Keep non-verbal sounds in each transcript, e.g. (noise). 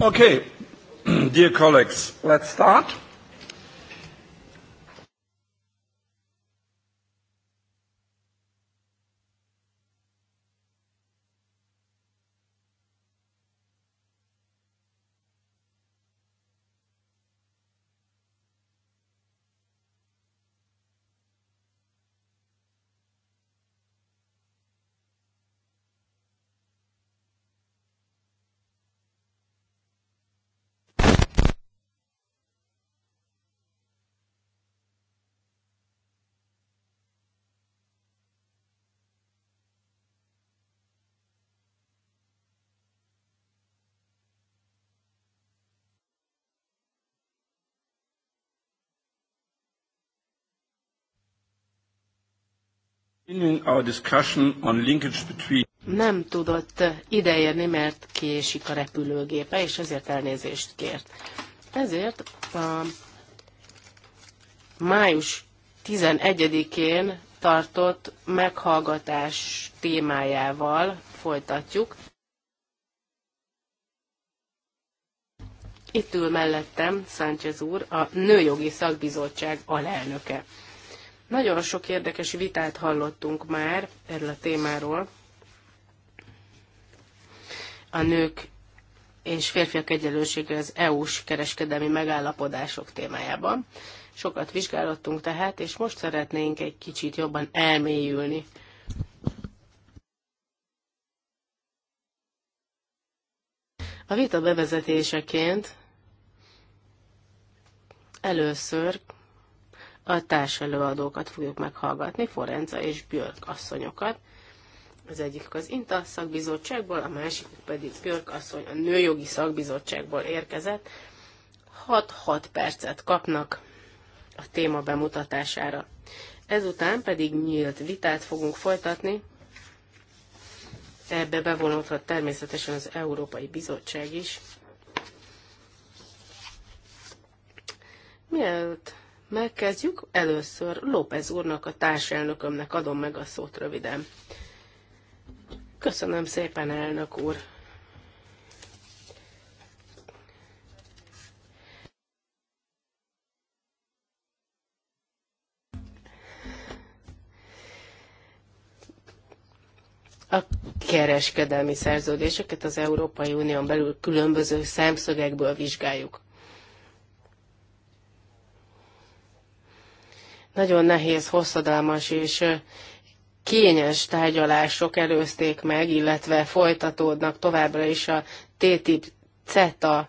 Okay, (clears throat) dear colleagues, let's start. Nem tudott ideérni, mert késik a repülőgépe, és ezért elnézést kért. Ezért a május 11-én tartott meghallgatás témájával folytatjuk. Itt ül mellettem Sánchez úr, a Nőjogi Szakbizottság alelnöke. Nagyon sok érdekes vitát hallottunk már erről a témáról. A nők és férfiak egyenlősége az EU-s kereskedelmi megállapodások témájában. Sokat vizsgálottunk tehát, és most szeretnénk egy kicsit jobban elmélyülni A vita bevezetéseként először a társelőadókat fogjuk meghallgatni, Forenza és Björk asszonyokat. Az egyik az INTA szakbizottságból, a másik pedig Björk asszony a nőjogi szakbizottságból érkezett. 6-6 percet kapnak a téma bemutatására. Ezután pedig nyílt vitát fogunk folytatni. Ebbe bevonódhat természetesen az Európai Bizottság is. Mielőtt megkezdjük. Először López úrnak, a társelnökömnek adom meg a szót röviden. Köszönöm szépen, elnök úr! A kereskedelmi szerződéseket az Európai Unión belül különböző szemszögekből vizsgáljuk. Nagyon nehéz, hosszadalmas és kényes tárgyalások előzték meg, illetve folytatódnak továbbra is a TTIP, CETA,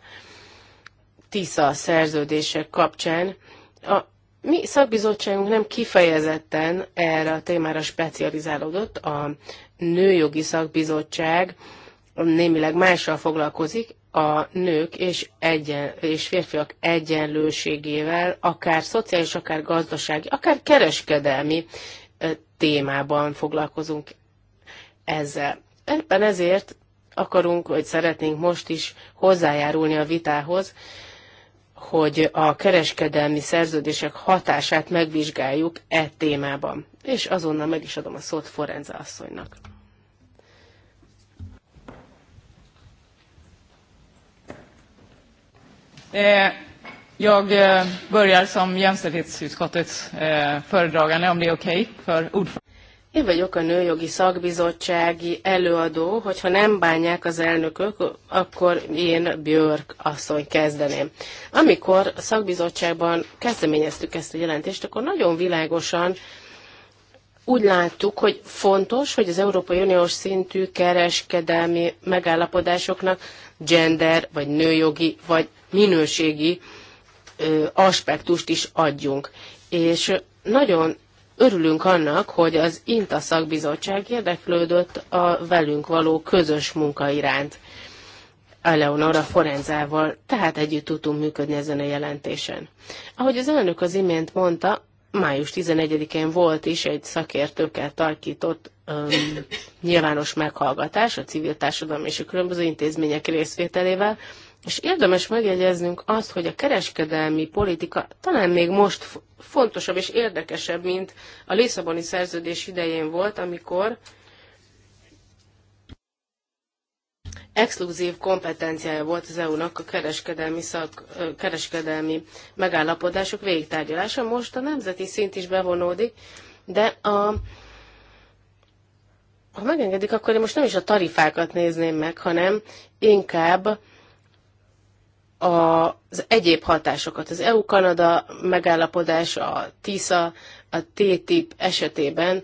TISZA szerződések kapcsán. A mi szakbizottságunk nem kifejezetten erre a témára specializálódott, a nőjogi szakbizottság némileg mással foglalkozik, a nők és, egyen, és férfiak egyenlőségével, akár szociális, akár gazdasági, akár kereskedelmi témában foglalkozunk ezzel. Ebben ezért akarunk, vagy szeretnénk most is hozzájárulni a vitához, hogy a kereskedelmi szerződések hatását megvizsgáljuk e témában. És azonnal meg is adom a szót Forenza asszonynak. Eh, jag eh, börjar som jämställdhetsutskottets eh, föredragande, om det är okej okay för ordförande. Én vagyok a nőjogi szakbizottsági előadó, hogyha nem bánják az elnökök, akkor én Björk asszony kezdeném. Amikor a szakbizottságban kezdeményeztük ezt a jelentést, akkor nagyon világosan úgy láttuk, hogy fontos, hogy az Európai Uniós szintű kereskedelmi megállapodásoknak gender, vagy nőjogi, vagy minőségi aspektust is adjunk. És nagyon örülünk annak, hogy az INTA szakbizottság érdeklődött a velünk való közös munka iránt. Eleonora Forenzával, tehát együtt tudtunk működni ezen a jelentésen. Ahogy az elnök az imént mondta, május 11-én volt is egy szakértőkkel tarkított um, nyilvános meghallgatás a civil társadalom és a különböző intézmények részvételével, és érdemes megjegyeznünk azt, hogy a kereskedelmi politika talán még most fontosabb és érdekesebb, mint a Lisszaboni szerződés idején volt, amikor exkluzív kompetenciája volt az EU-nak a kereskedelmi, szak, kereskedelmi megállapodások végtárgyalása. Most a nemzeti szint is bevonódik, de a, ha megengedik, akkor én most nem is a tarifákat nézném meg, hanem inkább az egyéb hatásokat. Az EU-Kanada megállapodás, a TISA, a TTIP esetében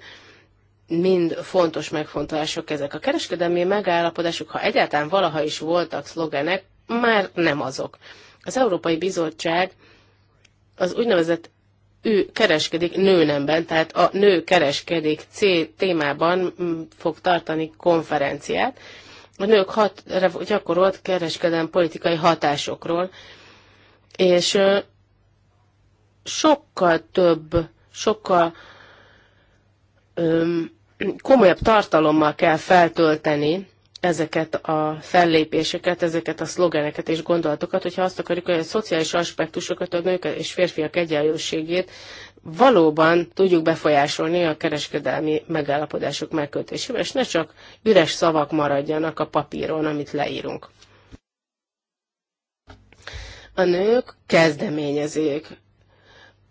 mind fontos megfontolások ezek. A kereskedelmi megállapodások, ha egyáltalán valaha is voltak szlogenek, már nem azok. Az Európai Bizottság az úgynevezett ő kereskedik nőnemben, tehát a nő kereskedik C témában mm, fog tartani konferenciát, a nők hat, gyakorolt kereskedelmi politikai hatásokról, és sokkal több, sokkal öm, komolyabb tartalommal kell feltölteni ezeket a fellépéseket, ezeket a szlogeneket és gondolatokat, hogyha azt akarjuk, hogy a szociális aspektusokat, a nők és férfiak egyenlőségét valóban tudjuk befolyásolni a kereskedelmi megállapodások megkötésével, és ne csak üres szavak maradjanak a papíron, amit leírunk. A nők kezdeményezők,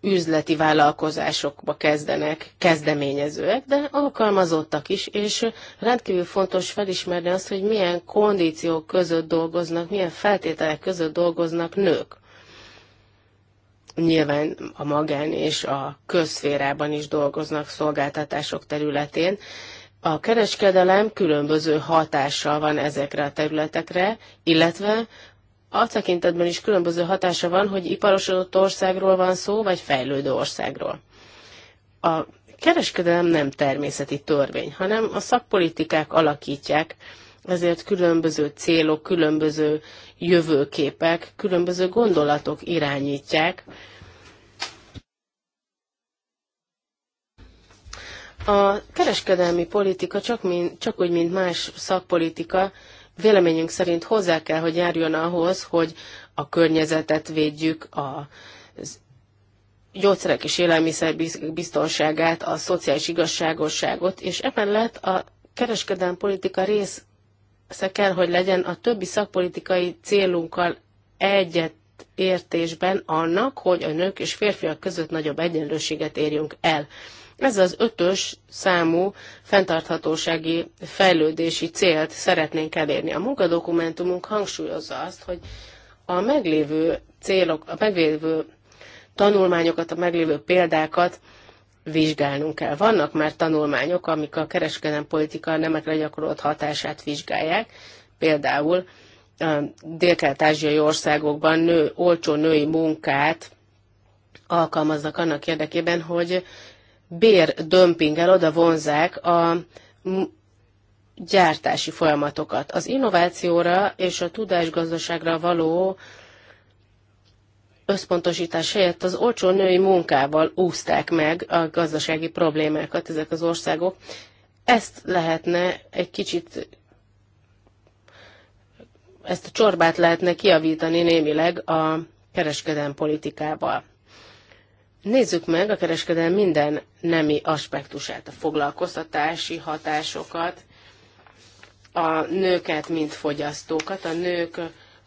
üzleti vállalkozásokba kezdenek, kezdeményezőek, de alkalmazottak is, és rendkívül fontos felismerni azt, hogy milyen kondíciók között dolgoznak, milyen feltételek között dolgoznak nők nyilván a magán és a közszférában is dolgoznak szolgáltatások területén. A kereskedelem különböző hatással van ezekre a területekre, illetve a tekintetben is különböző hatása van, hogy iparosodott országról van szó, vagy fejlődő országról. A kereskedelem nem természeti törvény, hanem a szakpolitikák alakítják ezért különböző célok, különböző jövőképek, különböző gondolatok irányítják. A kereskedelmi politika csak, mint, csak úgy, mint más szakpolitika, véleményünk szerint hozzá kell, hogy járjon ahhoz, hogy a környezetet védjük, a gyógyszerek és élelmiszer biztonságát, a szociális igazságosságot, és emellett a kereskedelmi politika rész része kell, hogy legyen a többi szakpolitikai célunkkal egyet értésben annak, hogy a nők és férfiak között nagyobb egyenlőséget érjünk el. Ez az ötös számú fenntarthatósági fejlődési célt szeretnénk elérni. A munkadokumentumunk hangsúlyozza azt, hogy a meglévő célok, a meglévő tanulmányokat, a meglévő példákat vizsgálnunk kell. Vannak már tanulmányok, amik a kereskedelmi politika nemekre gyakorolt hatását vizsgálják, például dél-kelet-ázsiai országokban nő, olcsó női munkát alkalmaznak annak érdekében, hogy bér dömpinggel oda vonzák a gyártási folyamatokat. Az innovációra és a tudásgazdaságra való összpontosítás helyett az olcsó női munkával úzták meg a gazdasági problémákat ezek az országok. Ezt lehetne egy kicsit, ezt a csorbát lehetne kiavítani némileg a kereskedelmi politikával. Nézzük meg a kereskedelmi minden nemi aspektusát, a foglalkoztatási hatásokat, a nőket, mint fogyasztókat, a nők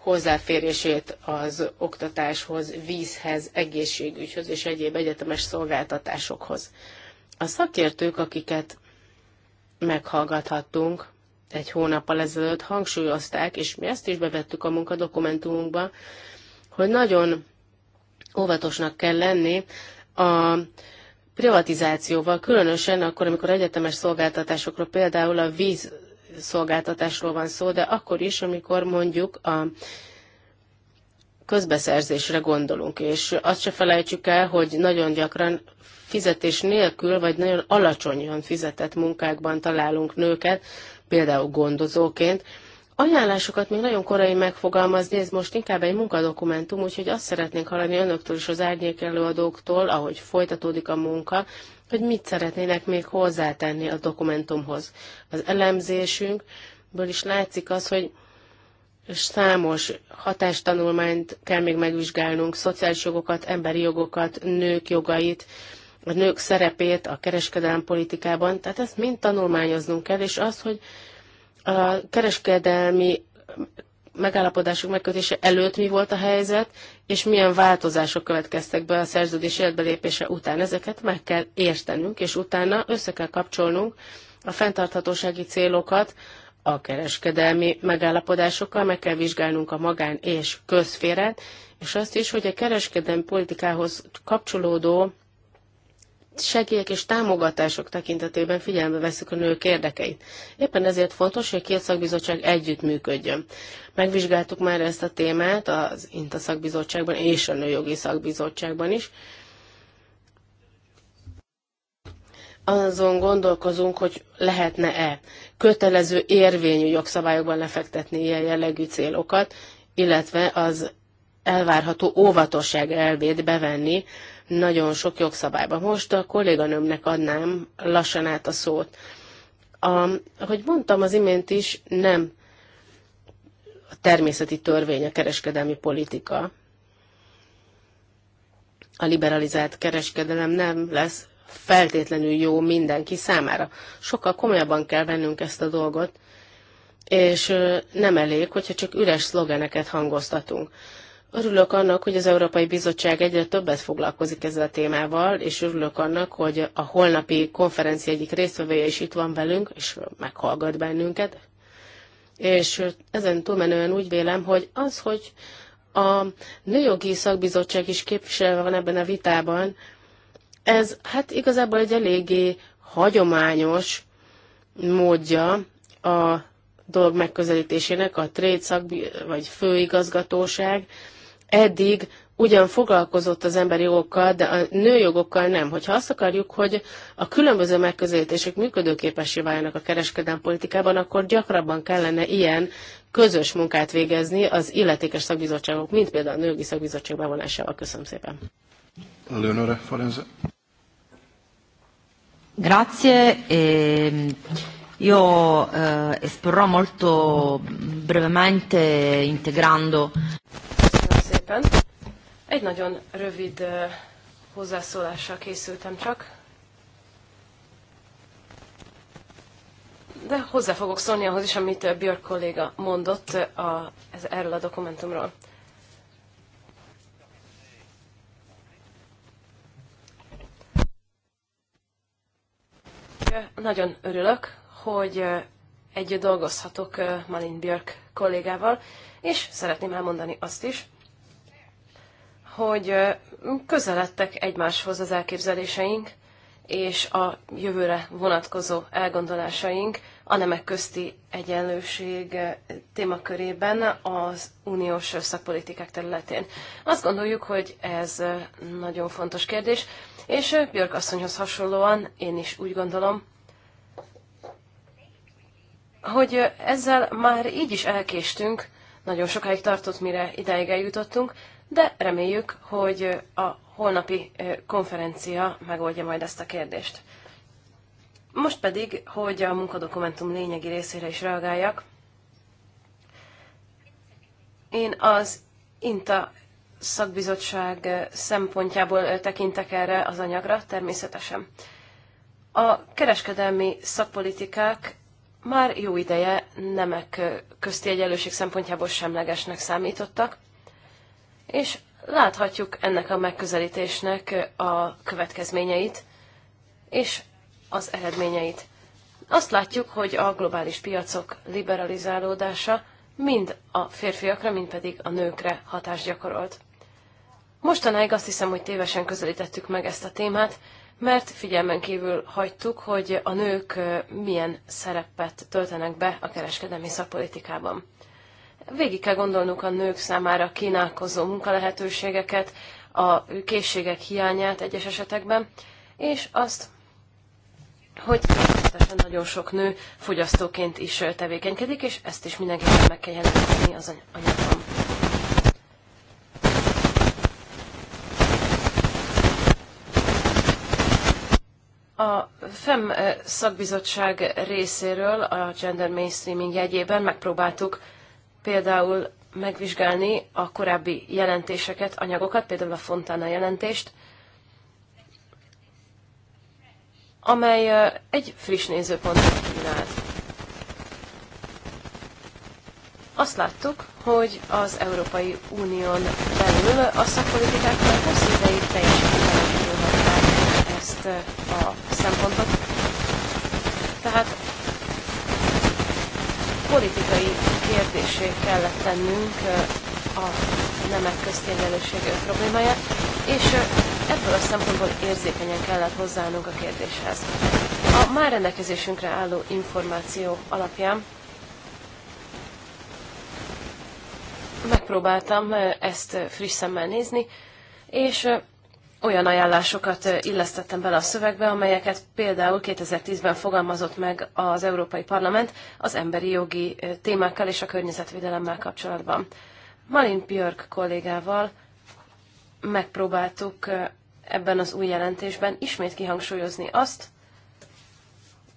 hozzáférését az oktatáshoz, vízhez, egészségügyhöz és egyéb egyetemes szolgáltatásokhoz. A szakértők, akiket meghallgathattunk egy hónappal ezelőtt, hangsúlyozták, és mi ezt is bevettük a munkadokumentumunkba, hogy nagyon óvatosnak kell lenni a privatizációval, különösen akkor, amikor egyetemes szolgáltatásokról, például a víz szolgáltatásról van szó, de akkor is, amikor mondjuk a közbeszerzésre gondolunk, és azt se felejtsük el, hogy nagyon gyakran fizetés nélkül, vagy nagyon alacsonyan fizetett munkákban találunk nőket, például gondozóként. Ajánlásokat még nagyon korai megfogalmazni, ez most inkább egy munkadokumentum, úgyhogy azt szeretnénk hallani önöktől és az árnyék előadóktól, ahogy folytatódik a munka, hogy mit szeretnének még hozzátenni a dokumentumhoz. Az elemzésünkből is látszik az, hogy számos hatástanulmányt kell még megvizsgálnunk, szociális jogokat, emberi jogokat, nők jogait, a nők szerepét a kereskedelem politikában. Tehát ezt mind tanulmányoznunk kell, és az, hogy a kereskedelmi megállapodásuk megkötése előtt mi volt a helyzet, és milyen változások következtek be a szerződés életbelépése után. Ezeket meg kell értenünk, és utána össze kell kapcsolnunk a fenntarthatósági célokat a kereskedelmi megállapodásokkal, meg kell vizsgálnunk a magán és közféret, és azt is, hogy a kereskedelmi politikához kapcsolódó segélyek és támogatások tekintetében figyelembe veszük a nők érdekeit. Éppen ezért fontos, hogy a két szakbizottság együttműködjön. Megvizsgáltuk már ezt a témát az INTA szakbizottságban és a Nőjogi szakbizottságban is. Azon gondolkozunk, hogy lehetne-e kötelező érvényű jogszabályokban lefektetni ilyen jellegű célokat, illetve az elvárható óvatosság elvét bevenni nagyon sok jogszabályban. Most a kolléganőmnek adnám lassan át a szót. A, ahogy mondtam az imént is, nem a természeti törvény a kereskedelmi politika. A liberalizált kereskedelem nem lesz feltétlenül jó mindenki számára. Sokkal komolyabban kell vennünk ezt a dolgot, és nem elég, hogyha csak üres szlogeneket hangoztatunk. Örülök annak, hogy az Európai Bizottság egyre többet foglalkozik ezzel a témával, és örülök annak, hogy a holnapi konferencia egyik résztvevője is itt van velünk, és meghallgat bennünket. És ezen túlmenően úgy vélem, hogy az, hogy a Nőjogi Szakbizottság is képviselve van ebben a vitában, ez hát igazából egy eléggé hagyományos módja a dolg megközelítésének, a trade szak, vagy főigazgatóság eddig ugyan foglalkozott az emberi jogokkal, de a nőjogokkal nem. Hogyha azt akarjuk, hogy a különböző megközelítések működőképessé váljanak a kereskedelmi politikában, akkor gyakrabban kellene ilyen közös munkát végezni az illetékes szakbizottságok, mint például a nőgi szakbizottság bevonásával. Köszönöm szépen. Leonore Farenze. Grazie. E... Io eh, esporrò molto brevemente integrando szépen. Egy nagyon rövid hozzászólással készültem csak. De hozzá fogok szólni ahhoz is, amit Björk kolléga mondott a, ez, erről a dokumentumról. Nagyon örülök, hogy együtt dolgozhatok Malin Björk kollégával, és szeretném elmondani azt is, hogy közeledtek egymáshoz az elképzeléseink és a jövőre vonatkozó elgondolásaink a nemek közti egyenlőség témakörében az uniós szakpolitikák területén. Azt gondoljuk, hogy ez nagyon fontos kérdés, és Björk asszonyhoz hasonlóan én is úgy gondolom, hogy ezzel már így is elkéstünk, nagyon sokáig tartott, mire ideig eljutottunk, de reméljük, hogy a holnapi konferencia megoldja majd ezt a kérdést. Most pedig, hogy a munkadokumentum lényegi részére is reagáljak, én az INTA szakbizottság szempontjából tekintek erre az anyagra, természetesen. A kereskedelmi szakpolitikák már jó ideje nemek közti egyenlőség szempontjából semlegesnek számítottak, és láthatjuk ennek a megközelítésnek a következményeit és az eredményeit. Azt látjuk, hogy a globális piacok liberalizálódása mind a férfiakra, mind pedig a nőkre hatást gyakorolt. Mostanáig azt hiszem, hogy tévesen közelítettük meg ezt a témát, mert figyelmen kívül hagytuk, hogy a nők milyen szerepet töltenek be a kereskedelmi szakpolitikában. Végig kell gondolnunk a nők számára kínálkozó munkalehetőségeket, a készségek hiányát egyes esetekben, és azt, hogy természetesen nagyon sok nő fogyasztóként is tevékenykedik, és ezt is mindenképpen meg kell jeleníteni az anyagban. A FEM eh, szakbizottság részéről a gender mainstreaming jegyében megpróbáltuk például megvizsgálni a korábbi jelentéseket, anyagokat, például a Fontana jelentést, amely egy friss nézőpontot kínált. Azt láttuk, hogy az Európai Unión belül a szakpolitikák már hosszú ideig teljesen ezt a szempontot. Tehát politikai kérdésé kellett tennünk a nemek közti egyenlőség problémáját, és ebből a szempontból érzékenyen kellett hozzáállnunk a kérdéshez. A már rendelkezésünkre álló információ alapján megpróbáltam ezt friss szemmel nézni, és olyan ajánlásokat illesztettem bele a szövegbe, amelyeket például 2010-ben fogalmazott meg az Európai Parlament az emberi jogi témákkal és a környezetvédelemmel kapcsolatban. Malin Björk kollégával megpróbáltuk ebben az új jelentésben ismét kihangsúlyozni azt,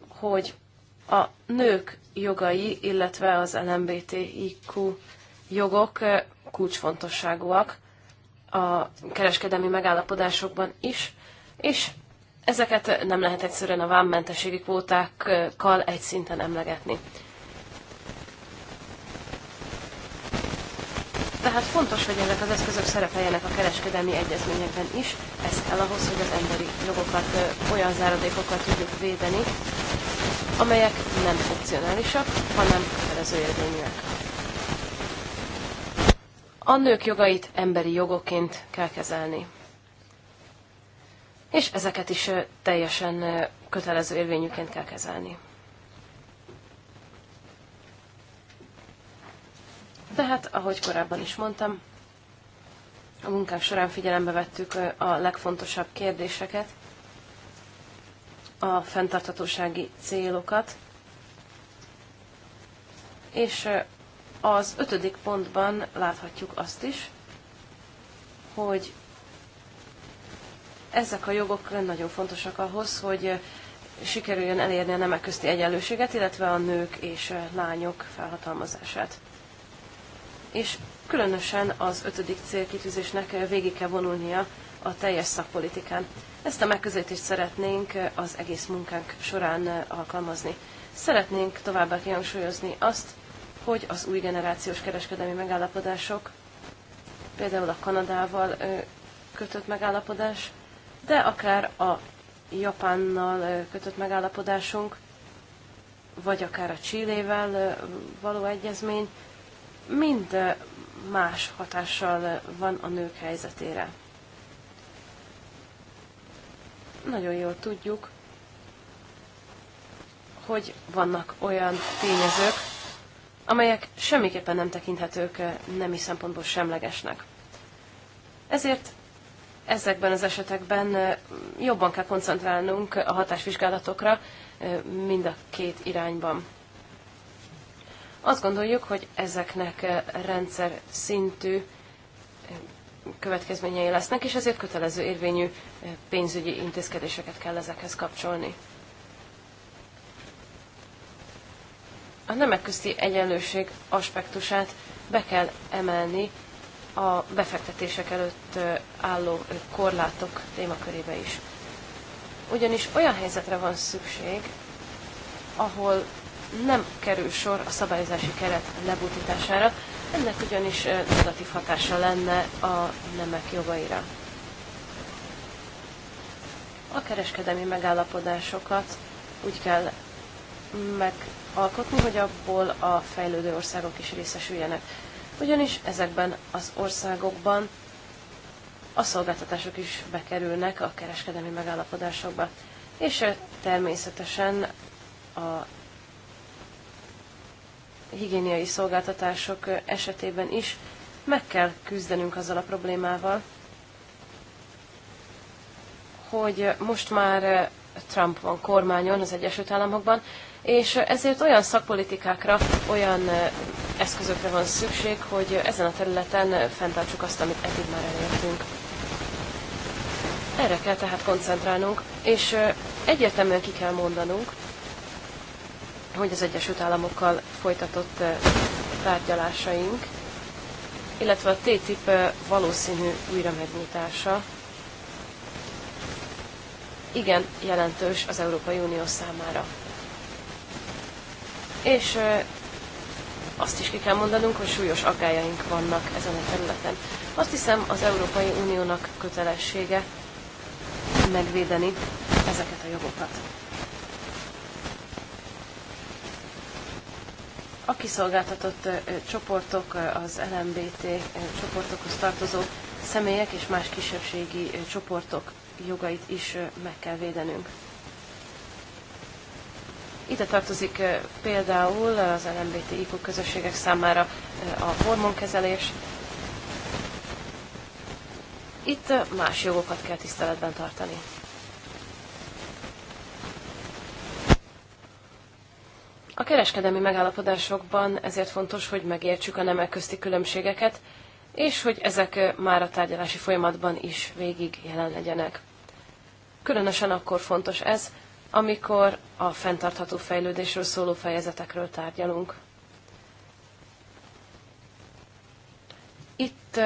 hogy a nők jogai, illetve az LMBTIQ jogok kulcsfontosságúak a kereskedelmi megállapodásokban is, és ezeket nem lehet egyszerűen a vámmentességi kvótákkal egy szinten emlegetni. Tehát fontos, hogy ezek az eszközök szerepeljenek a kereskedelmi egyezményekben is, ez kell ahhoz, hogy az emberi jogokat olyan záradékokkal tudjuk védeni, amelyek nem funkcionálisak, hanem kötelező érvényűek a nők jogait emberi jogokként kell kezelni. És ezeket is teljesen kötelező érvényűként kell kezelni. Tehát, ahogy korábban is mondtam, a munkám során figyelembe vettük a legfontosabb kérdéseket, a fenntarthatósági célokat, és az ötödik pontban láthatjuk azt is, hogy ezek a jogok nagyon fontosak ahhoz, hogy eh, sikerüljön elérni a nemek közti egyenlőséget, illetve a nők és eh, lányok felhatalmazását. És különösen az ötödik célkitűzésnek eh, végig kell vonulnia a teljes szakpolitikán. Ezt a megközelítést szeretnénk az egész munkánk során alkalmazni. Szeretnénk továbbá kihangsúlyozni azt, hogy az új generációs kereskedelmi megállapodások, például a Kanadával kötött megállapodás, de akár a Japánnal kötött megállapodásunk, vagy akár a Csillével való egyezmény, mind más hatással van a nők helyzetére. Nagyon jól tudjuk, hogy vannak olyan tényezők, amelyek semmiképpen nem tekinthetők eh, nemi szempontból semlegesnek. Ezért ezekben az esetekben eh, jobban kell koncentrálnunk a hatásvizsgálatokra eh, mind a két irányban. Azt gondoljuk, hogy ezeknek rendszer szintű következményei lesznek, és ezért kötelező érvényű pénzügyi intézkedéseket kell ezekhez kapcsolni. a nemek közti egyenlőség aspektusát be kell emelni a befektetések előtt álló korlátok témakörébe is. Ugyanis olyan helyzetre van szükség, ahol nem kerül sor a szabályozási keret lebutítására, ennek ugyanis negatív hatása lenne a nemek jogaira. A kereskedelmi megállapodásokat úgy kell meg alkotni, hogy abból a fejlődő országok is részesüljenek. Ugyanis ezekben az országokban a szolgáltatások is bekerülnek a kereskedelmi megállapodásokba. És természetesen a higiéniai szolgáltatások esetében is meg kell küzdenünk azzal a problémával, hogy most már Trump van kormányon az Egyesült Államokban, és ezért olyan szakpolitikákra, olyan eszközökre van szükség, hogy ezen a területen fenntartsuk azt, amit eddig már elértünk. Erre kell tehát koncentrálnunk, és egyértelműen ki kell mondanunk, hogy az Egyesült Államokkal folytatott tárgyalásaink, illetve a TTIP valószínű újra megnyitása igen jelentős az Európai Unió számára és azt is ki kell mondanunk, hogy súlyos akályaink vannak ezen a területen. Azt hiszem, az Európai Uniónak kötelessége megvédeni ezeket a jogokat. A kiszolgáltatott csoportok, az LMBT csoportokhoz tartozó személyek és más kisebbségi csoportok jogait is meg kell védenünk. Ide tartozik például az LMBTIQ közösségek számára a hormonkezelés. Itt más jogokat kell tiszteletben tartani. A kereskedelmi megállapodásokban ezért fontos, hogy megértsük a nemek közti különbségeket, és hogy ezek már a tárgyalási folyamatban is végig jelen legyenek. Különösen akkor fontos ez, amikor a fenntartható fejlődésről szóló fejezetekről tárgyalunk. Itt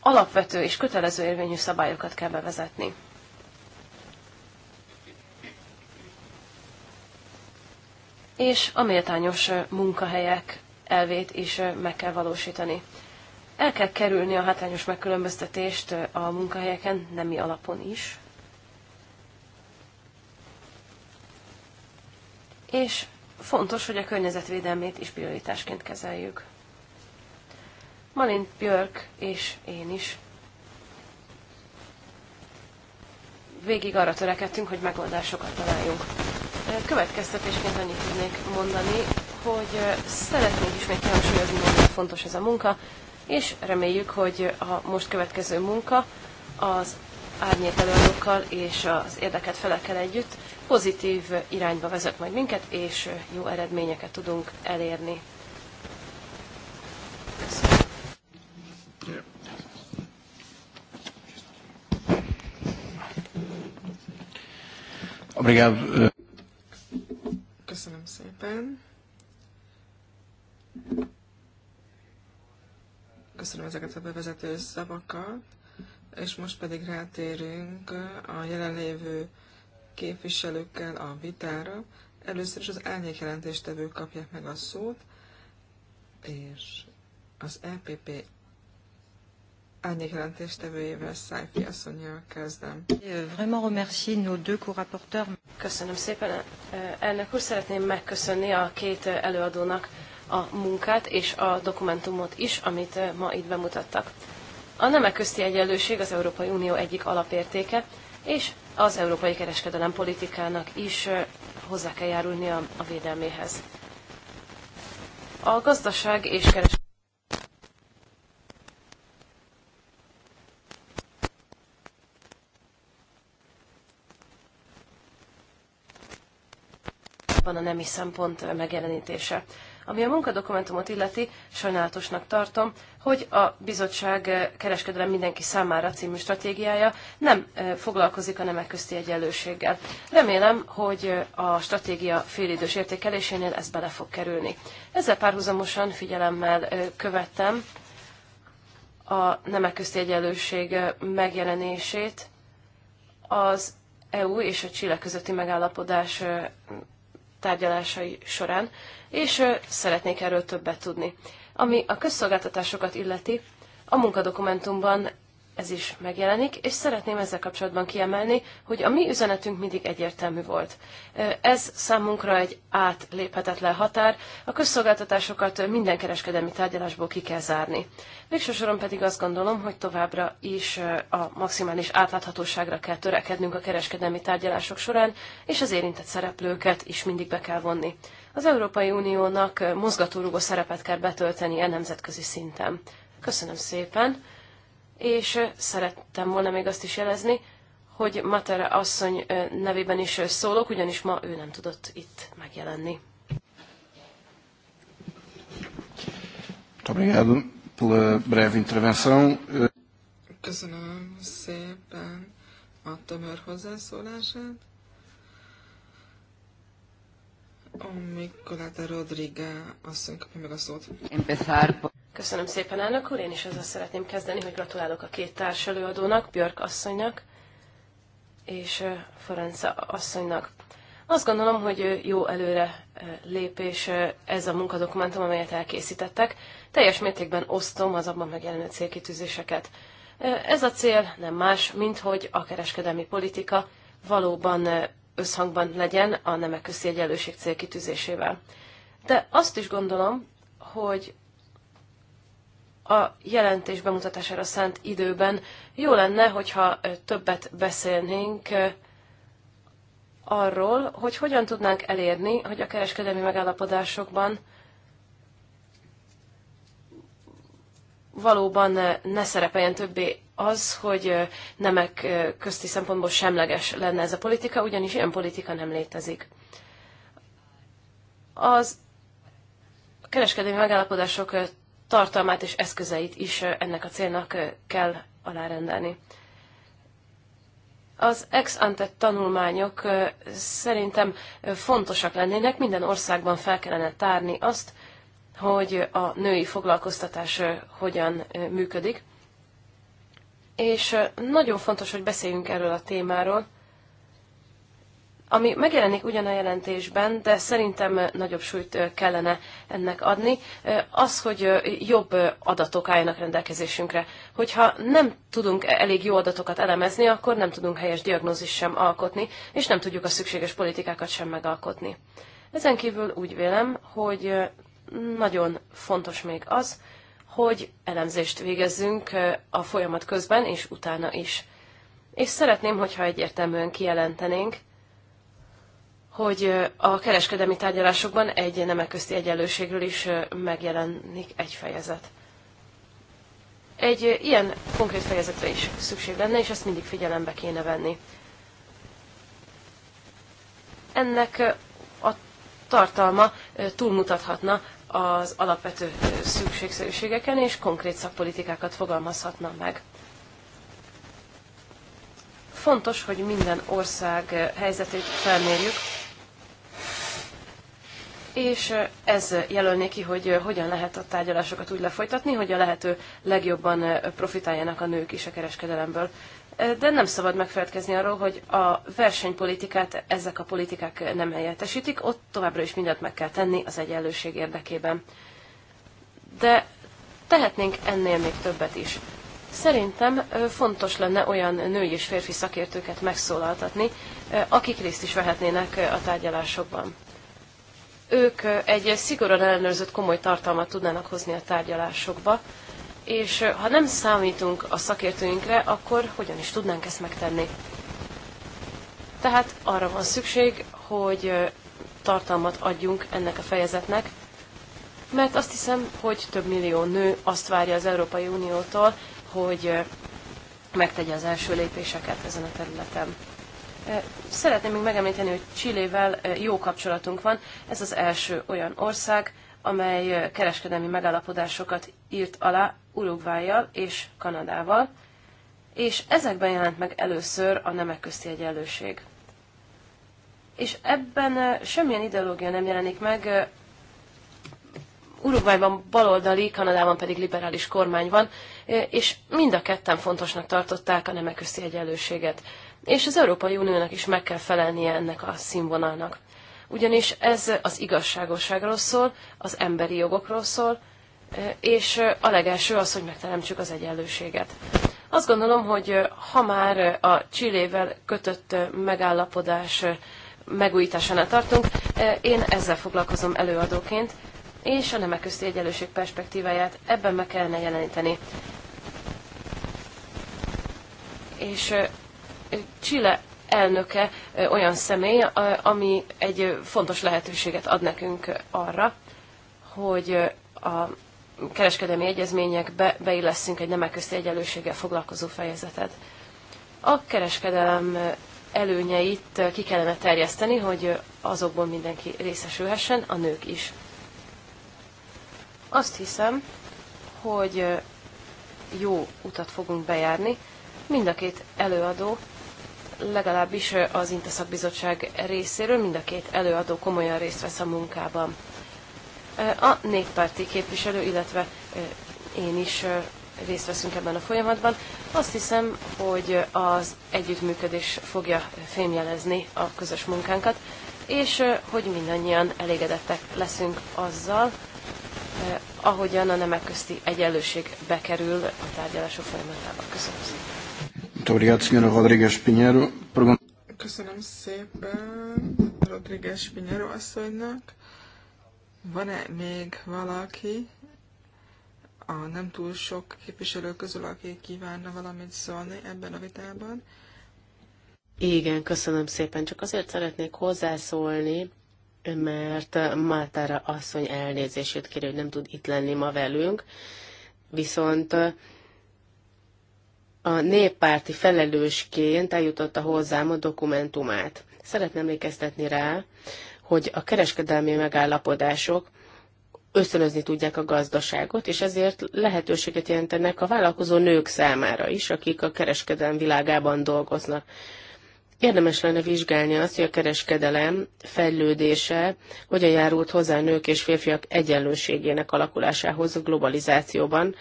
alapvető és kötelező érvényű szabályokat kell bevezetni. És a méltányos munkahelyek elvét is meg kell valósítani. El kell kerülni a hátrányos megkülönböztetést a munkahelyeken nemi alapon is, és fontos, hogy a környezetvédelmét is prioritásként kezeljük. Malin Björk és én is végig arra törekedtünk, hogy megoldásokat találjunk. Következtetésként annyit tudnék mondani, hogy szeretnénk ismét hangsúlyozni, mennyire fontos ez a munka, és reméljük, hogy a most következő munka az árnyék előadókkal és az érdeket felekkel együtt pozitív irányba vezet majd minket, és jó eredményeket tudunk elérni. Köszönöm. Köszönöm szépen. Köszönöm ezeket a bevezető szavakat, és most pedig rátérünk a jelenlévő képviselőkkel a vitára. Először is az árnyékjelentéstevő kapják meg a szót, és az EPP jelentéstevőjével Szájfi asszonyjal kezdem. Köszönöm szépen. Elnök úr, szeretném megköszönni a két előadónak a munkát és a dokumentumot is, amit ma itt bemutattak. A nemek közti egyenlőség az Európai Unió egyik alapértéke, és az európai kereskedelem politikának is hozzá kell járulnia a, a védelméhez. A gazdaság és kereskedelem van a nemi szempont megjelenítése. Ami a munkadokumentumot illeti, sajnálatosnak tartom, hogy a bizottság eh, kereskedelem mindenki számára című stratégiája nem eh, foglalkozik a nemek közti egyenlőséggel. Remélem, hogy eh, a stratégia félidős értékelésénél ez bele fog kerülni. Ezzel párhuzamosan figyelemmel követtem a nemek közti egyenlőség megjelenését az EU és a Csile közötti megállapodás tárgyalásai során, és szeretnék erről többet tudni. Ami a közszolgáltatásokat illeti, a munkadokumentumban ez is megjelenik, és szeretném ezzel kapcsolatban kiemelni, hogy a mi üzenetünk mindig egyértelmű volt. Ez számunkra egy átléphetetlen határ, a közszolgáltatásokat minden kereskedelmi tárgyalásból ki kell zárni. Végső soron pedig azt gondolom, hogy továbbra is a maximális átláthatóságra kell törekednünk a kereskedelmi tárgyalások során, és az érintett szereplőket is mindig be kell vonni. Az Európai Uniónak mozgatórugó szerepet kell betölteni a e nemzetközi szinten. Köszönöm szépen! és szerettem volna még azt is jelezni, hogy Mater asszony nevében is szólok, ugyanis ma ő nem tudott itt megjelenni. Köszönöm szépen a tömör hozzászólását. Amikor Rodriga asszony kapja meg a szót. Empezar. por... Köszönöm szépen, elnök úr. Én is azzal szeretném kezdeni, hogy gratulálok a két társelőadónak, Björk asszonynak és Ferenca asszonynak. Azt gondolom, hogy jó előre lépés ez a munkadokumentum, amelyet elkészítettek. Teljes mértékben osztom az abban megjelenő célkitűzéseket. Ez a cél nem más, mint hogy a kereskedelmi politika valóban összhangban legyen a nemek közti egyenlőség célkitűzésével. De azt is gondolom, hogy a jelentés bemutatására szánt időben jó lenne, hogyha többet beszélnénk arról, hogy hogyan tudnánk elérni, hogy a kereskedelmi megállapodásokban valóban ne szerepeljen többé az, hogy nemek közti szempontból semleges lenne ez a politika, ugyanis ilyen politika nem létezik. Az kereskedelmi megállapodások tartalmát és eszközeit is ennek a célnak kell alárendelni. Az ex ante tanulmányok szerintem fontosak lennének, minden országban fel kellene tárni azt, hogy a női foglalkoztatás hogyan működik. És nagyon fontos, hogy beszéljünk erről a témáról, ami megjelenik ugyan a jelentésben, de szerintem nagyobb súlyt kellene ennek adni, az, hogy jobb adatok álljanak rendelkezésünkre. Hogyha nem tudunk e-, elég jó adatokat elemezni, akkor nem tudunk helyes diagnózis sem alkotni, és nem tudjuk a szükséges politikákat sem megalkotni. Ezen kívül úgy vélem, hogy nagyon fontos még az, hogy elemzést végezzünk a folyamat közben és utána is. És szeretném, hogyha egyértelműen kijelentenénk, hogy a kereskedelmi tárgyalásokban egy nemek közti egyenlőségről is megjelenik egy fejezet. Egy ilyen konkrét fejezetre is szükség lenne, és ezt mindig figyelembe kéne venni. Ennek a tartalma túlmutathatna az alapvető szükségszerűségeken, és konkrét szakpolitikákat fogalmazhatna meg fontos, hogy minden ország helyzetét felmérjük, és ez jelölné ki, hogy hogyan lehet a tárgyalásokat úgy lefolytatni, hogy a lehető legjobban profitáljanak a nők is a kereskedelemből. De nem szabad megfeledkezni arról, hogy a versenypolitikát ezek a politikák nem helyettesítik, ott továbbra is mindent meg kell tenni az egyenlőség érdekében. De tehetnénk ennél még többet is. Szerintem fontos lenne olyan női és férfi szakértőket megszólaltatni, akik részt is vehetnének a tárgyalásokban ők egy szigorúan ellenőrzött komoly tartalmat tudnának hozni a tárgyalásokba, és ha nem számítunk a szakértőinkre, akkor hogyan is tudnánk ezt megtenni? Tehát arra van szükség, hogy tartalmat adjunk ennek a fejezetnek, mert azt hiszem, hogy több millió nő azt várja az Európai Uniótól, hogy megtegye az első lépéseket ezen a területen. Szeretném még megemlíteni, hogy Csillével jó kapcsolatunk van. Ez az első olyan ország, amely kereskedelmi megállapodásokat írt alá Uruguayjal és Kanadával, és ezekben jelent meg először a nemek közti egyenlőség. És ebben semmilyen ideológia nem jelenik meg, Uruguayban baloldali, Kanadában pedig liberális kormány van, és mind a ketten fontosnak tartották a nemek közti egyenlőséget és az Európai Uniónak is meg kell felelnie ennek a színvonalnak. Ugyanis ez az igazságosságról szól, az emberi jogokról szól, e, és e, a legelső az, hogy megteremtsük az egyenlőséget. Azt gondolom, hogy e, ha már a Csillével kötött megállapodás megújításánál tartunk, én ezzel foglalkozom előadóként, és a nemek közti egyenlőség perspektíváját ebben meg kellene jeleníteni. És Chile elnöke olyan személy, ami egy fontos lehetőséget ad nekünk arra, hogy a kereskedelmi egyezményekbe beilleszünk egy nemek közti egyenlőséggel foglalkozó fejezetet. A kereskedelem előnyeit ki kellene terjeszteni, hogy azokból mindenki részesülhessen, a nők is. Azt hiszem, hogy jó utat fogunk bejárni, Mind a két előadó, legalábbis az Intaszakbizottság Bizottság részéről, mind a két előadó komolyan részt vesz a munkában. A néppárti képviselő, illetve én is részt veszünk ebben a folyamatban. Azt hiszem, hogy az együttműködés fogja fémjelezni a közös munkánkat, és hogy mindannyian elégedettek leszünk azzal, ahogyan a nemek közti egyenlőség bekerül a tárgyalások folyamatába. Köszönöm szépen! Muito obrigado, Rodrigues Pinheiro. Pergunta... Köszönöm szépen Rodrigues Pinheiro asszonynak. Van-e még valaki a nem túl sok képviselő közül, aki kívánna valamit szólni ebben a vitában? Igen, köszönöm szépen. Csak azért szeretnék hozzászólni, mert Mátára asszony elnézését kér, hogy nem tud itt lenni ma velünk. Viszont a néppárti felelősként eljutotta hozzám a dokumentumát. Szeretném emlékeztetni rá, hogy a kereskedelmi megállapodások ösztönözni tudják a gazdaságot, és ezért lehetőséget jelentenek a vállalkozó nők számára is, akik a kereskedelmi világában dolgoznak. Érdemes lenne vizsgálni azt, hogy a kereskedelem fejlődése hogyan járult hozzá a nők és férfiak egyenlőségének alakulásához a globalizációban,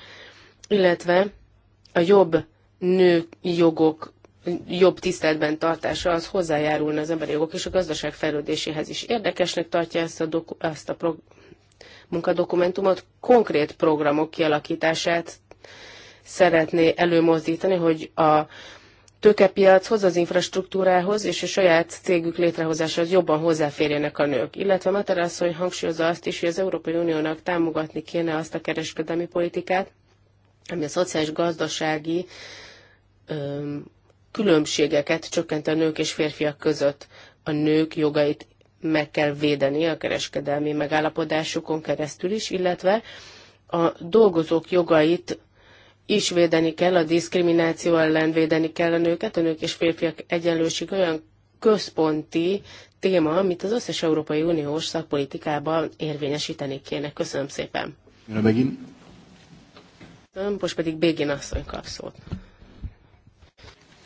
illetve a jobb nők jogok jobb tiszteletben tartása az hozzájárulna az emberi jogok és a gazdaság fejlődéséhez is. Érdekesnek tartja ezt a, doku- ezt a pro, munkadokumentumot, konkrét programok kialakítását szeretné előmozdítani, hogy a tőkepiachoz, az infrastruktúrához és a saját cégük létrehozásához jobban hozzáférjenek a nők. Illetve Materasszony hangsúlyozza azt is, hogy az Európai Uniónak támogatni kéne azt a kereskedelmi politikát, ami a szociális gazdasági uh, különbségeket csökkent a nők és férfiak között. A nők jogait meg kell védeni a kereskedelmi megállapodásokon keresztül is, illetve a dolgozók jogait is védeni kell, a diszkrimináció ellen védeni kell a nőket, a nők és férfiak egyenlőség olyan központi téma, amit az összes Európai Uniós szakpolitikában érvényesíteni kéne. Köszönöm szépen. Megint. Most pedig Bégén asszony kap szót.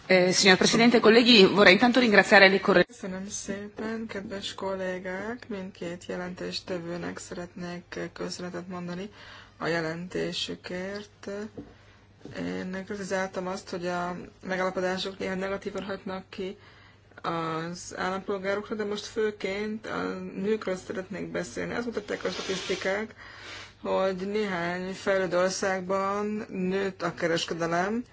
Eh, signor Presidente, colleghi, vorrei intanto ringraziare le correttrici. Köszönöm szépen, kedves kollégák! Mindkét jelentéstevőnek szeretnék köszönetet mondani a jelentésükért. Én kritizáltam azt, hogy a megállapodások néha negatívan hatnak ki az állampolgárokra, de most főként a nőkről szeretnék beszélni. Azt mutatták a statisztikák, hogy néhány fejlődő országban nőtt a kereskedelem,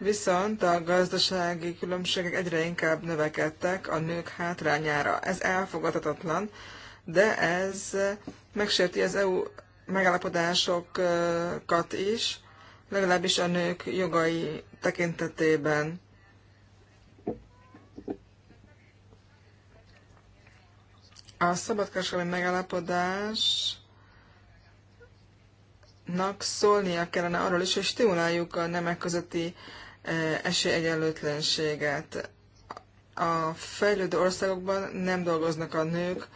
viszont a gazdasági különbségek egyre inkább növekedtek a nők hátrányára. Ez elfogadhatatlan, de ez megsérti az EU megállapodásokat is, legalábbis a nők jogai tekintetében. A szabadkereskedelmi megállapodásnak szólnia kellene arról is, hogy stimuláljuk a nemek közötti esélyegyenlőtlenséget. A fejlődő országokban nem dolgoznak a nők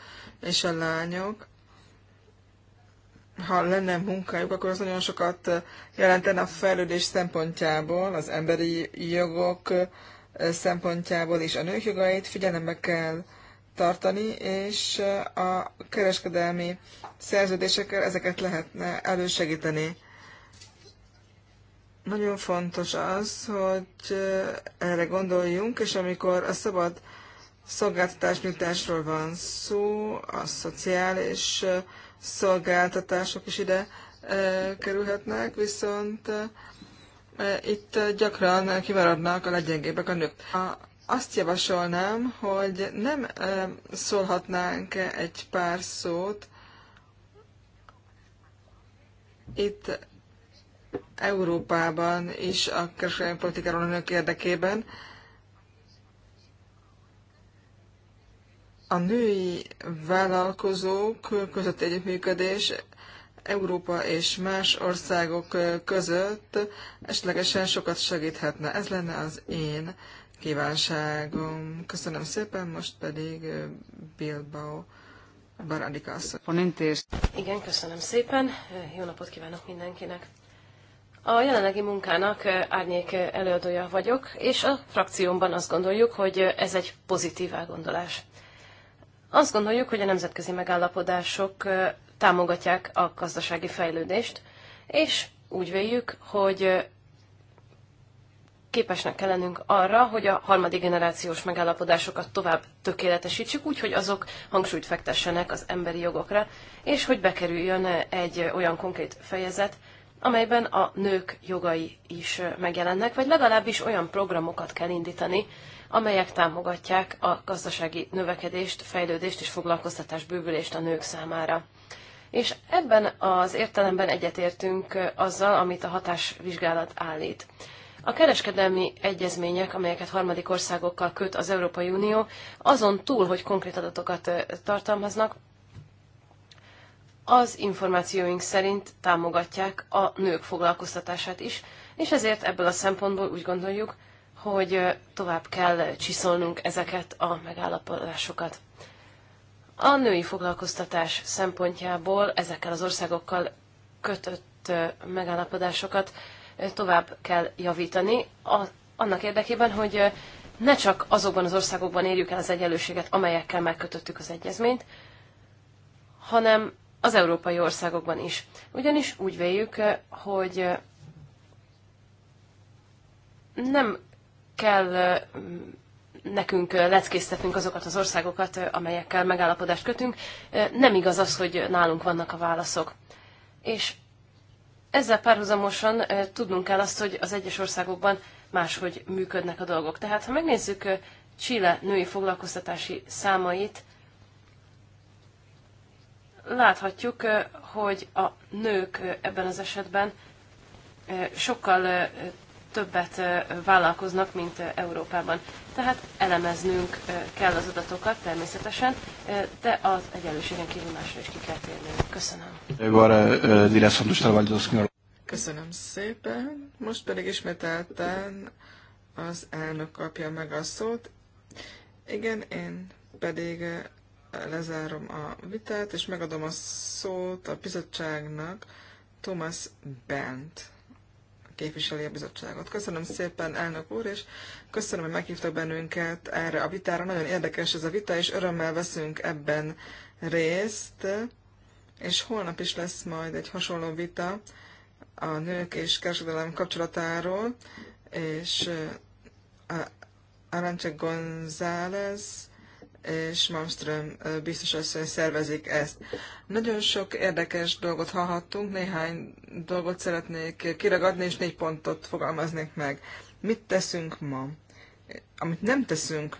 és a lányok. Ha lenne munkájuk, akkor az nagyon sokat jelentene a fejlődés szempontjából, az emberi jogok szempontjából is. A nők jogait figyelembe kell tartani, és a kereskedelmi szerződésekkel ezeket lehetne elősegíteni. Nagyon fontos az, hogy eh, erre gondoljunk, és amikor a szabad nyújtásról van szó, a szociális eh, szolgáltatások is ide eh, kerülhetnek, viszont itt gyakran kimaradnak a leggyengébbek a nők. Azt javasolnám, hogy nem szólhatnánk egy pár szót itt Európában is a kereskedelmi politikáról a nők érdekében. A női vállalkozók között együttműködés Európa és más országok között esetlegesen sokat segíthetne. Ez lenne az én kívánságom. Köszönöm szépen, most pedig Bilbao Barandika Igen, köszönöm szépen. Jó napot kívánok mindenkinek. A jelenlegi munkának árnyék előadója vagyok, és a frakciómban azt gondoljuk, hogy ez egy pozitív elgondolás. Azt gondoljuk, hogy a nemzetközi megállapodások támogatják a gazdasági fejlődést, és úgy véljük, hogy képesnek kell lennünk arra, hogy a harmadik generációs megállapodásokat tovább tökéletesítsük, úgy, hogy azok hangsúlyt fektessenek az emberi jogokra, és hogy bekerüljön egy olyan konkrét fejezet, amelyben a nők jogai is megjelennek, vagy legalábbis olyan programokat kell indítani, amelyek támogatják a gazdasági növekedést, fejlődést és foglalkoztatás bővülést a nők számára. És ebben az értelemben egyetértünk azzal, amit a hatásvizsgálat állít. A kereskedelmi egyezmények, amelyeket harmadik országokkal köt az Európai Unió, azon túl, hogy konkrét adatokat tartalmaznak, az információink szerint támogatják a nők foglalkoztatását is, és ezért ebből a szempontból úgy gondoljuk, hogy tovább kell csiszolnunk ezeket a megállapodásokat. A női foglalkoztatás szempontjából ezekkel az országokkal kötött megállapodásokat tovább kell javítani, a, annak érdekében, hogy ne csak azokban az országokban érjük el az egyenlőséget, amelyekkel megkötöttük az egyezményt, hanem az európai országokban is. Ugyanis úgy véljük, hogy nem kell mm, nekünk leckésztetnünk azokat az országokat, amelyekkel megállapodást kötünk. Nem igaz az, hogy nálunk vannak a válaszok. És ezzel párhuzamosan tudnunk kell azt, hogy az egyes országokban máshogy működnek a dolgok. Tehát, ha megnézzük Chile női foglalkoztatási számait, láthatjuk, hogy a nők ebben az esetben sokkal többet vállalkoznak, mint Európában. Tehát elemeznünk kell az adatokat természetesen, de az egyenlőségen kívül másra is ki kell térni. Köszönöm. Köszönöm szépen. Most pedig ismételten az elnök kapja meg a szót. Igen, én pedig lezárom a vitát, és megadom a szót a bizottságnak Thomas Bent képviseli a bizottságot. Köszönöm szépen, elnök úr, és köszönöm, hogy meghívtak bennünket erre a vitára. Nagyon érdekes ez a vita, és örömmel veszünk ebben részt. És holnap is lesz majd egy hasonló vita a nők és kereskedelem kapcsolatáról, és Aranche González és Malmström biztos asszony szervezik ezt. Nagyon sok érdekes dolgot hallhattunk, néhány dolgot szeretnék kiragadni, és négy pontot fogalmaznék meg. Mit teszünk ma? Amit nem teszünk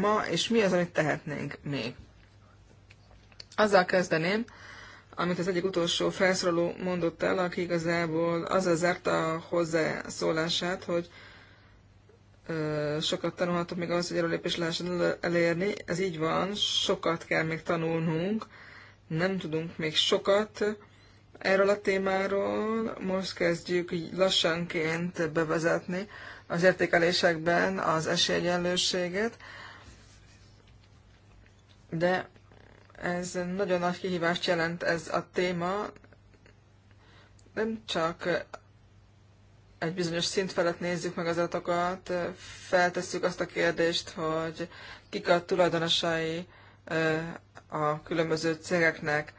ma, és mi az, amit tehetnénk még? Azzal kezdeném, amit az egyik utolsó felszólaló mondott el, aki igazából azzal zárta a hozzászólását, hogy sokat tanulhatunk még ahhoz, hogy előlépést lehessen elérni. Ez így van, sokat kell még tanulnunk, nem tudunk még sokat erről a témáról. Most kezdjük így lassanként bevezetni az értékelésekben az esélyegyenlőséget, de ez nagyon nagy kihívást jelent ez a téma, nem csak egy bizonyos szint felett nézzük meg az adatokat, feltesszük azt a kérdést, hogy kik a tulajdonosai a különböző cégeknek.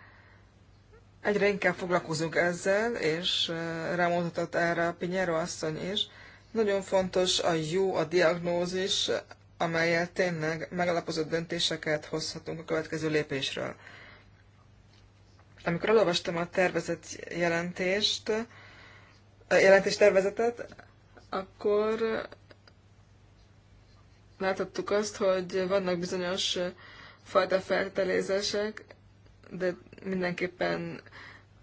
Egyre inkább foglalkozunk ezzel, és rámutatott erre a Pinheiro asszony is. Nagyon fontos a jó, a diagnózis, amelyel tényleg megalapozott döntéseket hozhatunk a következő lépésről. Amikor elolvastam a tervezett jelentést, jelentéstervezetet, akkor láthattuk azt, hogy vannak bizonyos fajta feltelézések, de mindenképpen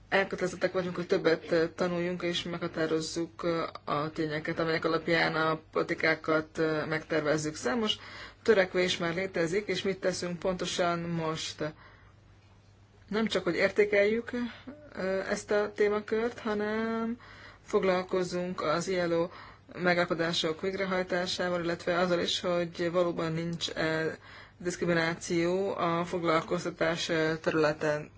elkötelezettek vagyunk, hogy többet tanuljunk és meghatározzuk a tényeket, amelyek alapján a politikákat megtervezzük. Számos törekvés már létezik, és mit teszünk pontosan most? Nem csak, hogy értékeljük ezt a témakört, hanem foglalkozunk az ILO megállapodások végrehajtásával, illetve azzal is, hogy valóban nincs -e diszkrimináció a foglalkoztatás eh, területen.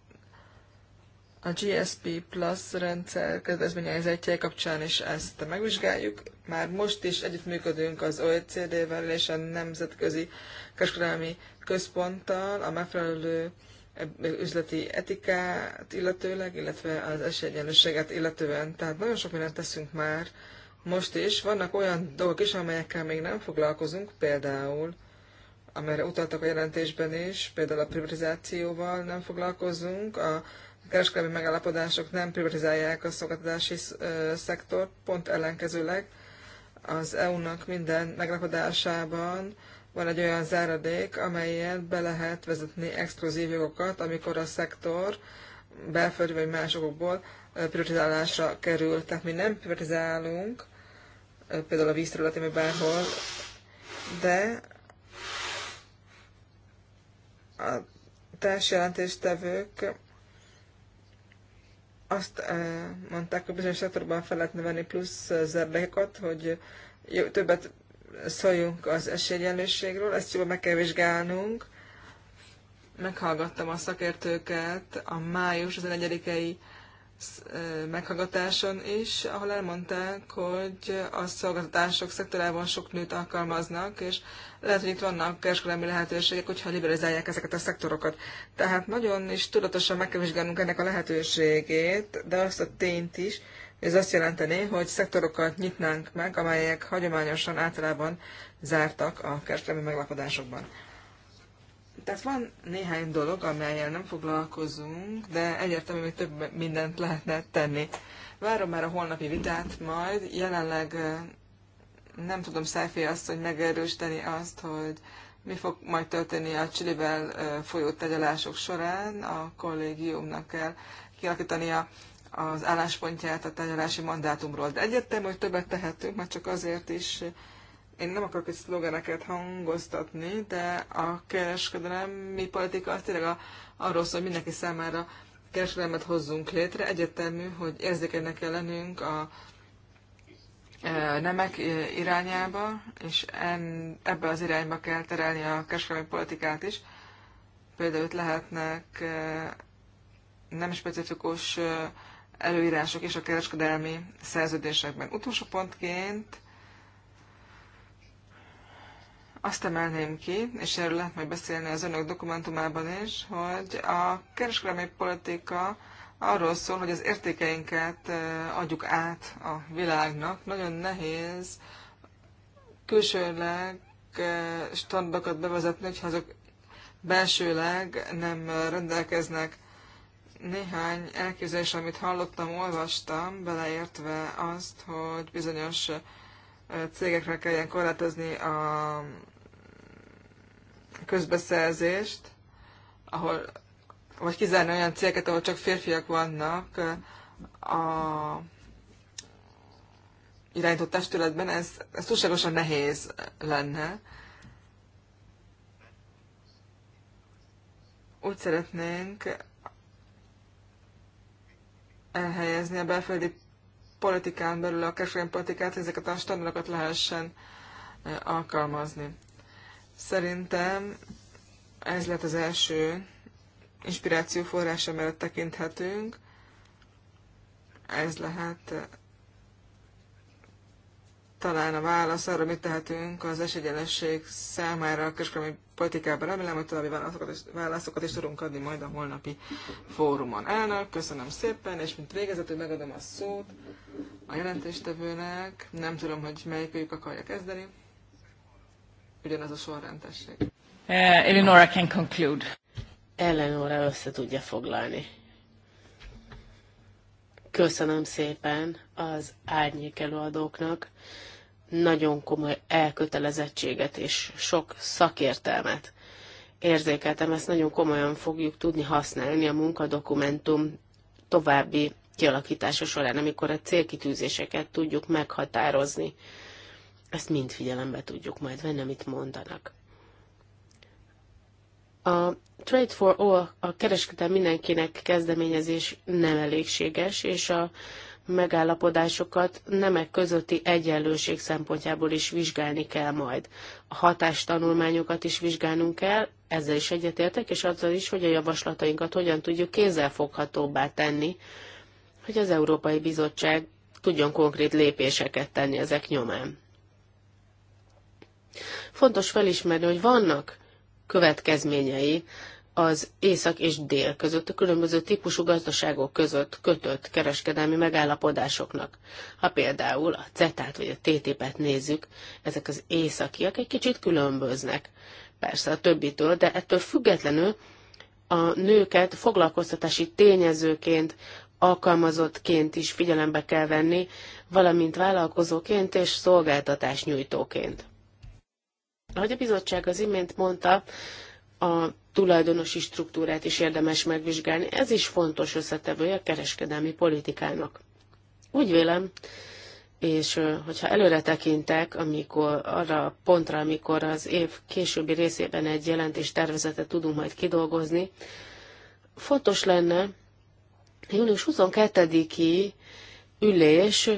A GSP Plus rendszer kedvezményezettje kapcsán is ezt megvizsgáljuk. Már most is együttműködünk az OECD-vel és a Nemzetközi Kereskedelmi Központtal a megfelelő üzleti etikát illetőleg, illetve az esélyegyenlőséget illetően. Tehát nagyon sok mindent teszünk már most is. Vannak olyan dolgok is, amelyekkel még nem foglalkozunk, például, amelyre utaltak a jelentésben is, például a privatizációval nem foglalkozunk, a kereskedelmi megállapodások nem privatizálják a szolgáltatási szektort, pont ellenkezőleg az EU-nak minden megállapodásában van egy olyan záradék, amelyet be lehet vezetni exkluzív jogokat, amikor a szektor belföldi vagy másokból privatizálásra kerül. Tehát mi nem privatizálunk, például a vízterületén vagy bárhol, de a társjelentéstevők azt mondták, hogy bizonyos szektorban fel lehetne venni plusz zerdeket, hogy többet szóljunk az esélyegyenlőségről, ezt jól meg kell vizsgálnunk. Meghallgattam a szakértőket a május 11-i meghallgatáson is, ahol elmondták, hogy a szolgáltatások szektorában sok nőt alkalmaznak, és lehet, hogy itt vannak kereskedelmi lehetőségek, hogyha liberalizálják ezeket a szektorokat. Tehát nagyon is tudatosan meg kell vizsgálnunk ennek a lehetőségét, de azt a tényt is, ez azt jelenteni, hogy szektorokat nyitnánk meg, amelyek hagyományosan általában zártak a kereskedelmi meglapodásokban. Tehát van néhány dolog, amelyel nem foglalkozunk, de egyértelmű, hogy több mindent lehetne tenni. Várom már a holnapi vitát majd. Jelenleg nem tudom Szájfé azt, hogy megerősíteni azt, hogy mi fog majd történni a Csilivel folyó tegyelások során. A kollégiumnak kell kialakítania az álláspontját a tárgyalási mandátumról. De egyetem, hogy többet tehetünk, mert csak azért is, én nem akarok egy szlogeneket hangoztatni, de a kereskedelmi politika az tényleg a, arról szól, hogy mindenki számára kereskedelmet hozzunk létre. Egyetemű, hogy érzékenynek kell lennünk a e, nemek irányába, és en, ebbe az irányba kell terelni a kereskedelmi politikát is. Például itt lehetnek e, nem specifikus e, előírások és a kereskedelmi szerződésekben. Utolsó pontként azt emelném ki, és erről lehet majd beszélni az önök dokumentumában is, hogy a kereskedelmi politika arról szól, hogy az értékeinket adjuk át a világnak. Nagyon nehéz külsőleg standokat bevezetni, hogyha azok belsőleg nem rendelkeznek néhány elképzelés, amit hallottam, olvastam, beleértve azt, hogy bizonyos cégekre kelljen korlátozni a közbeszerzést, ahol, vagy kizárni olyan cégeket, ahol csak férfiak vannak a irányított testületben, ez, ez túlságosan nehéz lenne. Úgy szeretnénk, elhelyezni a belföldi politikán belül a kereskedelmi politikát, hogy ezeket a standardokat lehessen alkalmazni. Szerintem ez lett az első inspiráció forrása mellett tekinthetünk. Ez lehet talán a válasz arra, mit tehetünk az esélyegyenlőség számára a kereskedelmi politikában. Remélem, hogy további válaszokat is, válaszokat is tudunk adni majd a holnapi fórumon. Elnök, köszönöm szépen, és mint végezetül megadom a szót a jelentéstevőnek. Nem tudom, hogy melyikőjük akarja kezdeni. Ugyanaz a sorrendesség. Uh, Eleonora can conclude. Eleonora össze tudja foglalni. Köszönöm szépen az árnyék előadóknak nagyon komoly elkötelezettséget és sok szakértelmet érzékeltem, ezt nagyon komolyan fogjuk tudni használni a munkadokumentum további kialakítása során, amikor a célkitűzéseket tudjuk meghatározni. Ezt mind figyelembe tudjuk majd venni, amit mondanak. A Trade for All, a kereskedelem mindenkinek kezdeményezés nem elégséges, és a megállapodásokat nemek közötti egyenlőség szempontjából is vizsgálni kell majd. A hatástanulmányokat is vizsgálnunk kell, ezzel is egyetértek, és azzal is, hogy a javaslatainkat hogyan tudjuk kézzelfoghatóbbá tenni, hogy az Európai Bizottság tudjon konkrét lépéseket tenni ezek nyomán. Fontos felismerni, hogy vannak következményei az észak és dél között, a különböző típusú gazdaságok között kötött kereskedelmi megállapodásoknak. Ha például a CETÁT vagy a TTIP-et nézzük, ezek az északiak egy kicsit különböznek, persze a többitől, de ettől függetlenül a nőket foglalkoztatási tényezőként, alkalmazottként is figyelembe kell venni, valamint vállalkozóként és szolgáltatásnyújtóként. Ahogy a bizottság az imént mondta, a tulajdonosi struktúrát is érdemes megvizsgálni. Ez is fontos összetevője a kereskedelmi politikának. Úgy vélem, és hogyha előre tekintek, amikor arra a pontra, amikor az év későbbi részében egy jelentés tervezetet tudunk majd kidolgozni, fontos lenne június 22-i ülés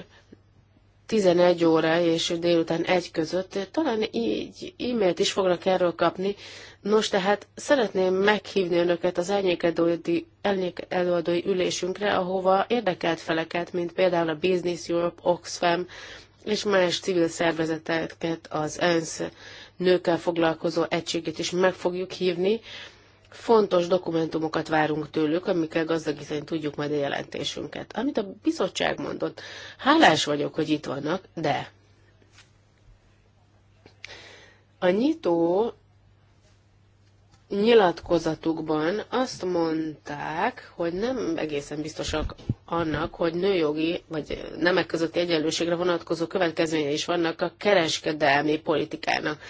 11 óra és délután 1 között, talán így e-mailt is fognak erről kapni, Nos, tehát szeretném meghívni önöket az előadói ülésünkre, ahova érdekelt feleket, mint például a Business Europe, Oxfam és más civil szervezeteket, az ENSZ nőkkel foglalkozó egységét is meg fogjuk hívni. Fontos dokumentumokat várunk tőlük, amikkel gazdagítani tudjuk majd a jelentésünket. Amit a bizottság mondott, hálás vagyok, hogy itt vannak, de a nyitó nyilatkozatukban azt mondták, hogy nem egészen biztosak annak, hogy nőjogi vagy nemek közötti egyenlőségre vonatkozó következménye is vannak a kereskedelmi politikának.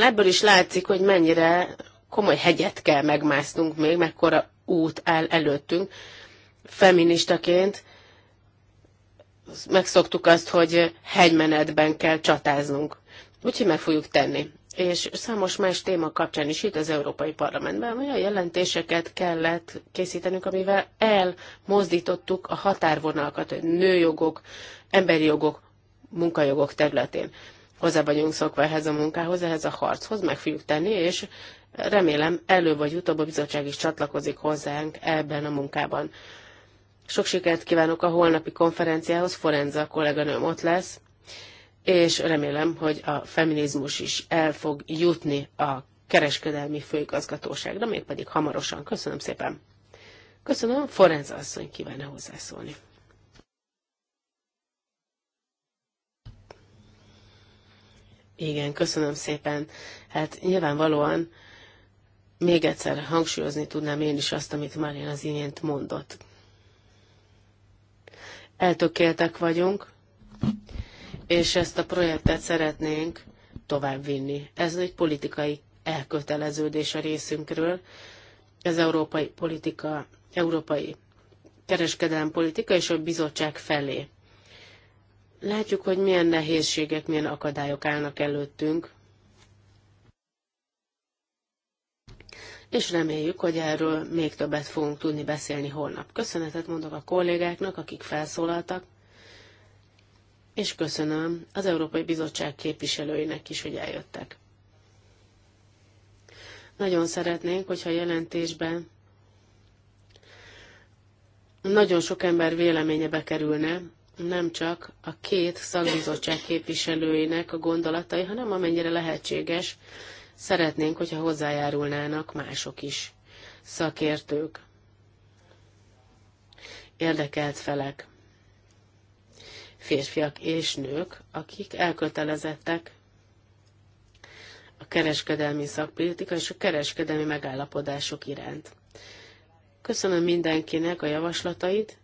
Ebből is látszik, hogy mennyire komoly hegyet kell megmásznunk még, mekkora út áll előttünk. Feministaként megszoktuk azt, hogy hegymenetben kell csatáznunk. Úgyhogy meg fogjuk tenni és számos más téma kapcsán is itt az Európai Parlamentben olyan jelentéseket kellett készítenünk, amivel elmozdítottuk a határvonalakat, hogy nőjogok, emberi jogok, munkajogok területén. Hozzá vagyunk szokva ehhez a munkához, ehhez a harchoz, meg fogjuk tenni, és remélem előbb vagy utóbb a bizottság is csatlakozik hozzánk ebben a munkában. Sok sikert kívánok a holnapi konferenciához, Forenza kolléganőm ott lesz, és remélem, hogy a feminizmus is el fog jutni a kereskedelmi főigazgatóságra, mégpedig hamarosan. Köszönöm szépen. Köszönöm, Forenza asszony kívánna hozzászólni. Igen, köszönöm szépen. Hát nyilvánvalóan még egyszer hangsúlyozni tudnám én is azt, amit Marian az imént mondott. Eltökéltek vagyunk, és ezt a projektet szeretnénk továbbvinni. Ez egy politikai elköteleződés a részünkről. Ez európai politika, európai kereskedelmi politika és a bizottság felé. Látjuk, hogy milyen nehézségek, milyen akadályok állnak előttünk, és reméljük, hogy erről még többet fogunk tudni beszélni holnap. Köszönetet mondok a kollégáknak, akik felszólaltak és köszönöm az Európai Bizottság képviselőinek is, hogy eljöttek. Nagyon szeretnénk, hogyha jelentésben nagyon sok ember véleménye bekerülne, nem csak a két szakbizottság képviselőinek a gondolatai, hanem amennyire lehetséges, szeretnénk, hogyha hozzájárulnának mások is, szakértők, érdekelt felek férfiak és nők, akik elkötelezettek a kereskedelmi szakpolitika és a kereskedelmi megállapodások iránt. Köszönöm mindenkinek a javaslatait.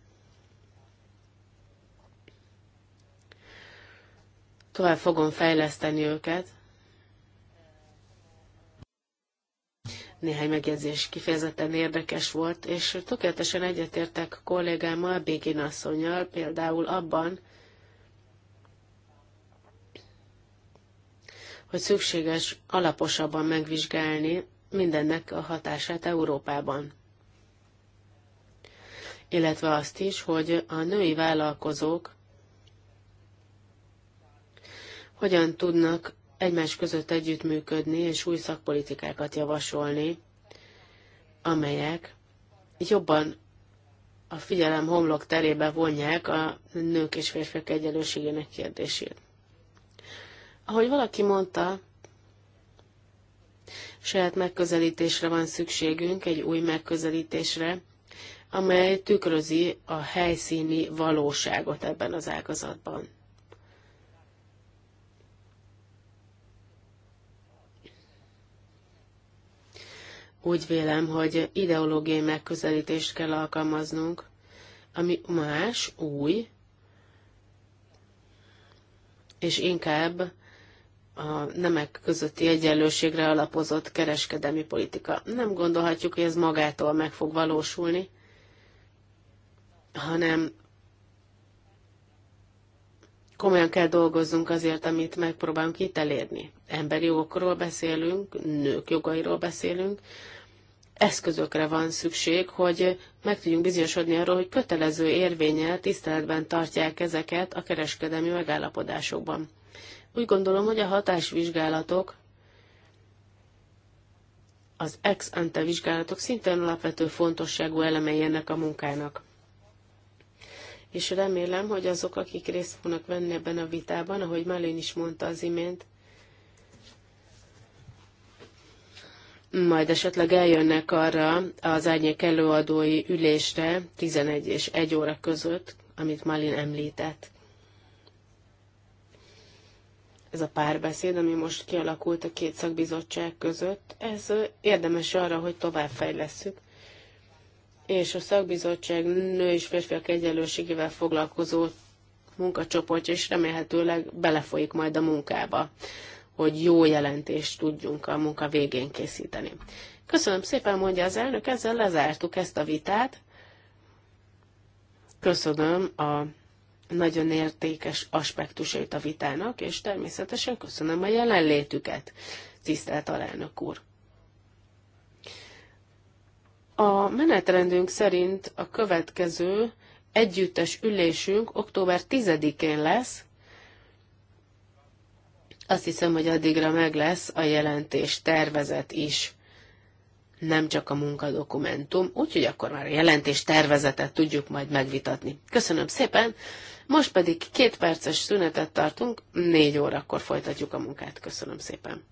Tovább fogom fejleszteni őket. Néhány megjegyzés kifejezetten érdekes volt, és tökéletesen egyetértek kollégámmal, Békén asszonyjal, például abban, hogy szükséges alaposabban megvizsgálni mindennek a hatását Európában. Illetve azt is, hogy a női vállalkozók hogyan tudnak egymás között együttműködni és új szakpolitikákat javasolni, amelyek jobban a figyelem homlok terébe vonják a nők és férfiak egyenlőségének kérdését. Ahogy valaki mondta, saját megközelítésre van szükségünk, egy új megközelítésre, amely tükrözi a helyszíni valóságot ebben az ágazatban. Úgy vélem, hogy ideológiai megközelítést kell alkalmaznunk, ami más, új, és inkább a nemek közötti egyenlőségre alapozott kereskedelmi politika. Nem gondolhatjuk, hogy ez magától meg fog valósulni, hanem komolyan kell dolgozzunk azért, amit megpróbálunk itt elérni. Emberi jogokról beszélünk, nők jogairól beszélünk, eszközökre van szükség, hogy meg tudjunk bizonyosodni arról, hogy kötelező érvényel tiszteletben tartják ezeket a kereskedelmi megállapodásokban. Úgy gondolom, hogy a hatásvizsgálatok, az ex ante vizsgálatok szintén alapvető fontosságú elemei ennek a munkának. És remélem, hogy azok, akik részt fognak venni ebben a vitában, ahogy Malin is mondta az imént, majd esetleg eljönnek arra az árnyék előadói ülésre 11 és 1 óra között, amit Malin említett ez a párbeszéd, ami most kialakult a két szakbizottság között, ez érdemes arra, hogy továbbfejlesszük. És a szakbizottság nő és férfiak egyenlőségével foglalkozó munkacsoportja is remélhetőleg belefolyik majd a munkába, hogy jó jelentést tudjunk a munka végén készíteni. Köszönöm szépen, mondja az elnök, ezzel lezártuk ezt a vitát. Köszönöm a nagyon értékes aspektusait a vitának, és természetesen köszönöm a jelenlétüket, tisztelt alelnök úr. A menetrendünk szerint a következő együttes ülésünk október 10-én lesz. Azt hiszem, hogy addigra meg lesz a jelentés tervezet is, nem csak a munkadokumentum, úgyhogy akkor már a jelentés tervezetet tudjuk majd megvitatni. Köszönöm szépen! Most pedig két perces szünetet tartunk, négy órakor folytatjuk a munkát. Köszönöm szépen!